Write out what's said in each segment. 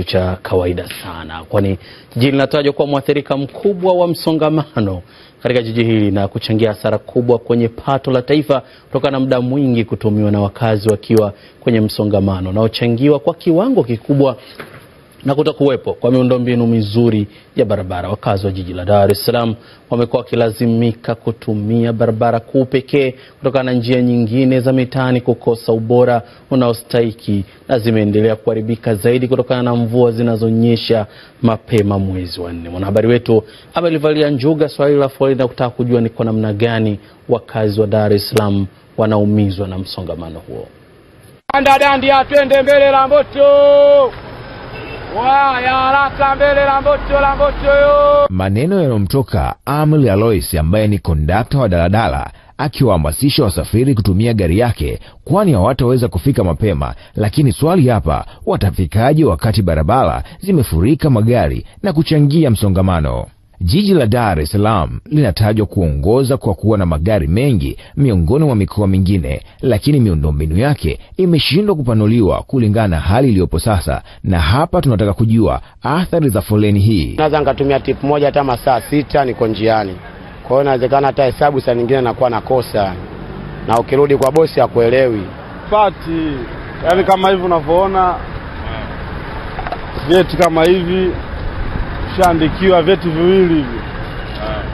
kitu cha kawaida sana, kwani jiji linatajwa kuwa mwathirika mkubwa wa msongamano katika jiji hili na kuchangia hasara kubwa kwenye pato la taifa kutokana na muda mwingi kutumiwa na wakazi wakiwa kwenye msongamano unaochangiwa kwa kiwango kikubwa na kutokuwepo kwa miundombinu mizuri ya barabara. Wakazi wa jiji la Dar es Salaam wamekuwa wakilazimika kutumia barabara kuu pekee kutokana na njia nyingine za mitaani kukosa ubora unaostahiki na zimeendelea kuharibika zaidi kutokana na mvua zinazonyesha mapema mwezi wa nne. Mwanahabari wetu amelivalia njuga swali la foleni na kutaka kujua ni kwa namna gani wakazi wa Dar es Salaam wanaumizwa na msongamano huo. Dandadandi, atwende mbele la moto Maneno yanayomtoka Amri Alois ambaye ni kondakta wa daladala akiwahamasisha wasafiri kutumia gari yake, kwani hawataweza kufika mapema. Lakini swali hapa, watafikaje wakati barabara zimefurika magari na kuchangia msongamano? Jiji la Dar es Salaam linatajwa kuongoza kwa kuwa na magari mengi miongoni mwa mikoa mingine, lakini miundombinu yake imeshindwa kupanuliwa kulingana na hali iliyopo sasa, na hapa tunataka kujua athari za foleni hii. Naweza nikatumia tip moja hata masaa sita niko njiani, kwa hiyo inawezekana hata hesabu saa nyingine nakuwa nakosa, na ukirudi kwa bosi hakuelewi pati, yaani kama hivi unavyoona vyeti eh. kama hivi nishaandikiwa vyeti viwili hivi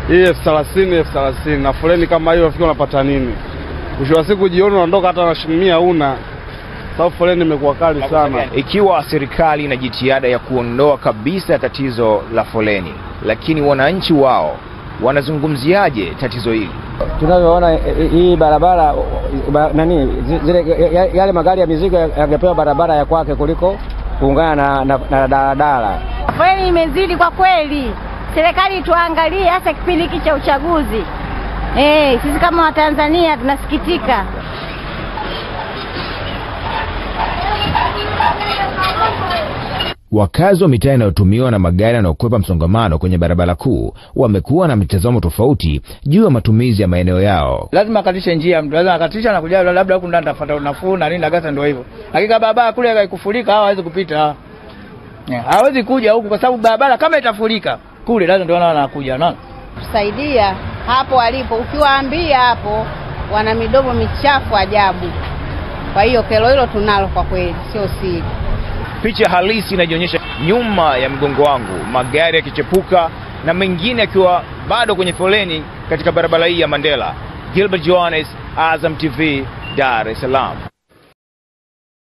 ah. hii elfu thelathini elfu thelathini na foleni kama hiyo, rafiki, unapata nini? Mwisho wa siku jioni unaondoka hata na shilingi mia una sababu foleni imekuwa kali sana. Ikiwa serikali ina jitihada ya kuondoa kabisa tatizo la foleni, lakini wananchi wao wanazungumziaje tatizo hili? Tunavyoona eh, eh, hii barabara nani, zile yale magari ya mizigo yangepewa barabara ya kwake kuliko kuungana na daladala. Foleni imezidi kwa kweli, serikali tuangalie hasa kipindi hiki cha uchaguzi. Hey, eh, sisi kama Watanzania tunasikitika. Wakazi wa mitaa inayotumiwa na magari yanayokwepa msongamano kwenye barabara kuu wamekuwa na mitazamo tofauti juu ya matumizi ya maeneo yao. Lazima akatishe njia mtu, lazima akatisha na kuja, labda huku ndani tafuta nafuu na nini na ndio hivyo. Hakika barabara kule haikufurika, hawa hawezi kupita, hawezi kuja huku kwa sababu barabara kama itafurika kule, lazima ndio wanakuja. Unaona, kusaidia hapo walipo, ukiwaambia hapo wana midomo michafu ajabu. Kwa hiyo kero hilo tunalo kwa kweli, sio siri. Picha halisi inajionyesha nyuma ya mgongo wangu, magari yakichepuka na mengine yakiwa bado kwenye foleni katika barabara hii ya Mandela. Gilbert Johannes, Azam TV, Dar es Salaam.